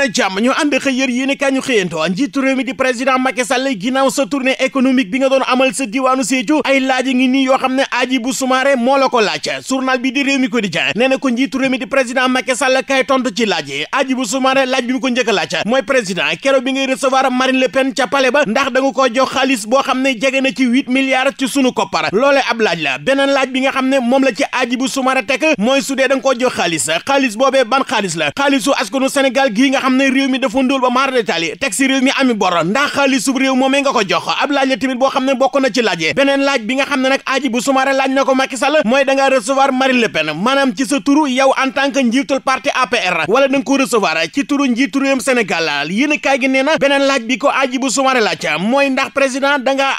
a jàmm ñu ànd xëy yër yéen kaay ñu xëyantoo njiitu bi nga doon amal sa diwaanu Sédhiou ay laaj ngi nii yoo xam ne aji bu sumaare moo la ko laaj journal bi di réew mi quotidien nee ko njiitu réew mi di président kay tontu ci laaj yi aji bu sumaare bi ko njëkk a laaj mooy président keroog bi ngay recevoir Marine Le Pen ca ba ndax da ko jox xaalis boo xam ne jege na ci huit milliards ci sunu koppar loolee ab laaj la beneen laaj bi nga xam ne moom la ci aji bu sumaare xam ne réew mi dafa ndóol ba maar la bi nga xam mooy da ngaa recevoir Marine Le ci sa turu yow en tant parti APR wala da nga ci turu njiitu réewum Sénégal yéen a kaay gi nee na beneen laaj bi ko aji bu sumaare mooy ndax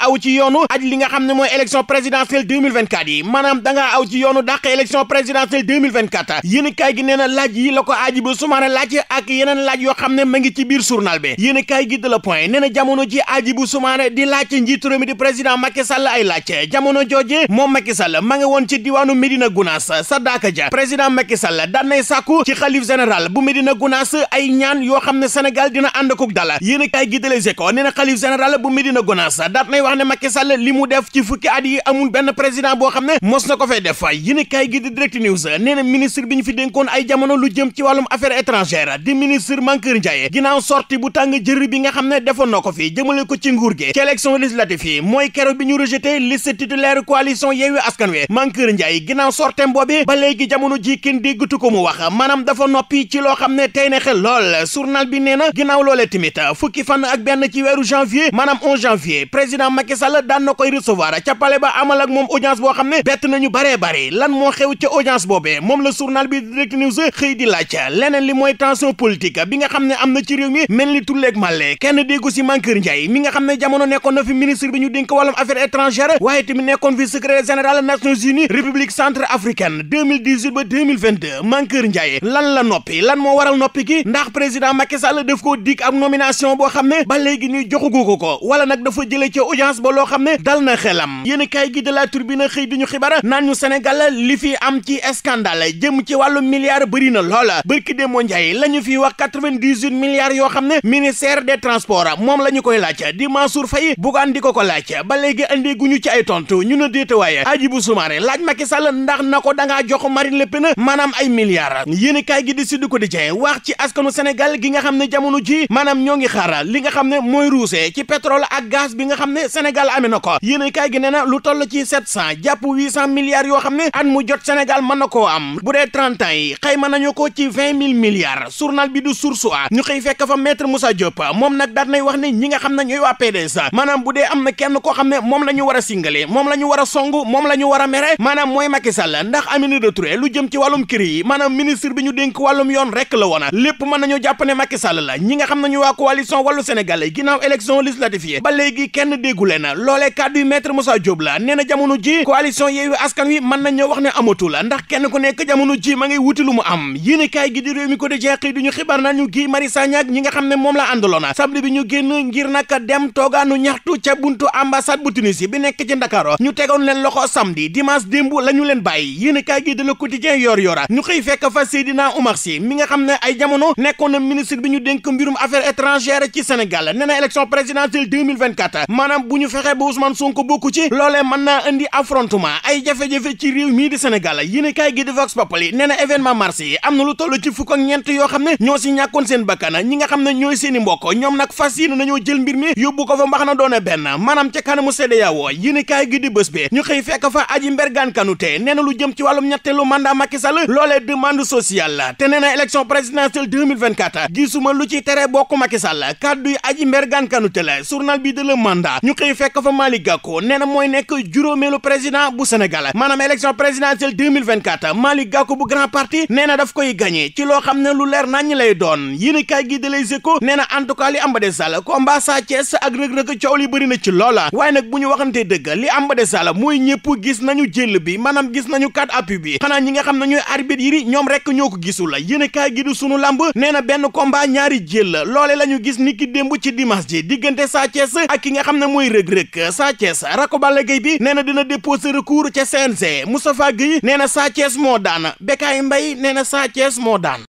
aw ci yoonu aj li nga xam ne mooy élection présidentielle 2024 yi maanaam da ngaa aw ci yoonu dàq élection présidentielle 2024 yéen a kaay gi nee na laaj yi la ko aji bu sumaare laaj ak yeneen laaj yoo xam ne ma ngi ci biir journal bi yéen kaay gi de la point nee na jamono ji Hadjibou Soumaré di laajte njiitu réew mi di président Macky Sall ay laajte jamono jooje moom Macky Sall ma nga woon ci diwaanu Médina Gounass sa Dia président Macky Sall daan nay sàkku ci xalif général bu Médina Gounass ay ñaan yoo xam ne Sénégal dina ànd ko dala yéen kaay gi de Les Échos nee na xalif général bu Médina Gounass daan nay wax ne Macky Sall li mu def ci fukki at yi amul benn président boo xam ne mos na ko fay def yéen kaay gi di Direct News nee na ministre bi fi dénkoon ay jamono lu jëm ci wàllum affaires étrangères di ministre Mankeur Ndiaye ginnaaw sorti bu tàng jër bi nga xam ne defoon na ko fi jëmale ko ci nguur gi ci élection législative yi mooy kero bi ñu rejeté liste titulaire coalition Yewwi Askan Wi Mankeur Ndiaye ginnaaw sortem boobi ba léegi jamono ji kenn déggatu ko mu wax maanaam dafa noppi ci loo xam ne tey na xel lool journal bi nee na ginnaaw loolee tamit fukki fan ak benn ci weeru janvier maanaam 11 janvier président Macky Sall daan na koy recevoir ca palais ba amal ak moom audience boo xam ne bett nañu baree bare lan moo xew ca audience boobee moom la journal bi direct news xëy di bi nga xam ne am na ci réew mi mel ni tulleeg màlle kenn déggu si Mankeur Ndiaye mi nga xam ne jamono nekkoon na fi ministre bi ñu dénk wàllum affaires étrangères waaye tamit nekkoon fi secrétaire général Nations Unies République centrafricaine 2018 ba 2022 Mankeur Ndiaye lan la noppi lan moo waral noppi ki ndax président Macky Sall daf koo dig ab nomination boo xam ne ba léegi ni joxugu ko ko wala nag dafa jëlee ci audience ba loo xam ne dal na xelam yéen a gi de la li fi am ci scandale jëm ci wàllu milliard bëri na loola bërki demoo Ndiaye quatre-vingt-dix-huit milliards yoo xam ne ministère des transports moom la ñu koy laaj di Mansour Faye bugaan di ko ko laaj ba léegi andi guñu ci ay tontu ñu ne déete waaye Hadjibou Soumaré laaj Macky Sall ndax na ko da ngaa jox Marine Le Pen maanaam ay milliards yéen kaay gi di Sud Quotidien wax ci askanu Sénégal gi nga xam ne jamono ji maanaam ñoo ngi xaar li nga xam ne mooy ruusee ci pétrole ak gaz bi nga xam ne Sénégal amee na ko yéen kaay gi nee na lu toll ci sept cent jàpp huit cent milliards ne at mu jot Sénégal mën na koo am bu dee trente ans yi ko ci vingt mille milliards source a ñu xëy fekk fa maître Moussa Diop moom nag daat nay wax ne ñi nga xam ne ñooy waa PDS maanaam bu dee am na kenn koo xam ne moom la ñu war singale moom la ñu war a moom la ñu war a mere maanaam mooy Macky Sall ndax Aminata Touré lu jëm ci wàllum kër yi maanaam ministre bi ñu dénk wàllum yoon rek la woon lépp mën nañu jàpp ne Macky Sall la ñi nga xam ne ñooy waa coalition wàllu Sénégal ginnaaw élection législative yi ba léegi kenn déggule na loolee kàddu yi maître Moussa Diop la nee na jamono ji coalition Yewwi Askan Wi mën nañu wax ne amatu ndax kenn ku nekk jamono ji ma ngay wuti lu mu gi di réew mi ko ñu Guy Marius Sagna ak ñi nga xam ne moom la àndaloona samedi bi ñu génn ngir nag dem toogaanu ñaxtu ca buntu ambassade bu Tunisie bi nekk ci ñu tegoon leen loxo samedi dimanche démb la ñu leen bàyyi yéenekaay gi de Le Quotidien yor yora ñu xëy fekk fa Seydina Oumar Sy mi nga xam ne ay jamono nekkoon na ministre bi ñu dénk mbirum affaires étrangères ci Sénégal nee na élection présidentielle 2024 bu ñu fexe ba Ousmane Sonko bokku ci loolee mën naa indi ay jafe-jafe ci réew mii di Sénégal yéenekaay yoo xam ne ñoo kon seen bakkan ñi nga xam ne ñooy seen i mbokk ñoom nag fas yéene nañoo jël mbir mi yóbbu ko fa mbax na doone benn maanaam ca kanamu CEDEAO yéenekaay gi di bés bi ñu xëy fekk fa Aji Mbergane Kanouté nee na lu jëm ci wàllum ñetteelu mandat Macky Sall loolee demande sociale la te nee na élection présidentielle 2024 gisuma lu ci tere bokk Macky Sall kàddu yi Aji Mbergane Kanouté la journal bi de le mandat ñu xëy fekk fa Malick Gakou nee na mooy nekk juróomeelu président bu Sénégal maanaam élection présidentielle 2024 Malick Gakou bu grand parti nee daf koy gagné ci loo xam ne lu leer nañ lay doon am yéen kaay gi de Les Échos nee na en tout cas li am ba des sàll combat Sa Thiès ak rëg-rëg coow li bëri na ci loola waaye nag bu ñu waxantee dëgg li am ba des sàll mooy ñëpp gis nañu jël bi maanaam gis nañu quatre appuis bi xanaa ñi nga xam ne ñooy arbitre yi ñoom rek ñoo ko gisul la yéen kaay gi du sunu lamb nee na benn combat ñaari jël la loole la ñu gis ni ki démb ci dimanche ji diggante Sa Thiès ak ki nga xam ne mooy rëg-rëg Sa Thiès rako Balla Gaye bi nee na dina déposer recours ca CNG Moustapha Guèye nee na Sa Thiès moo daan Bekaay Mbaye nee na Sa moo daan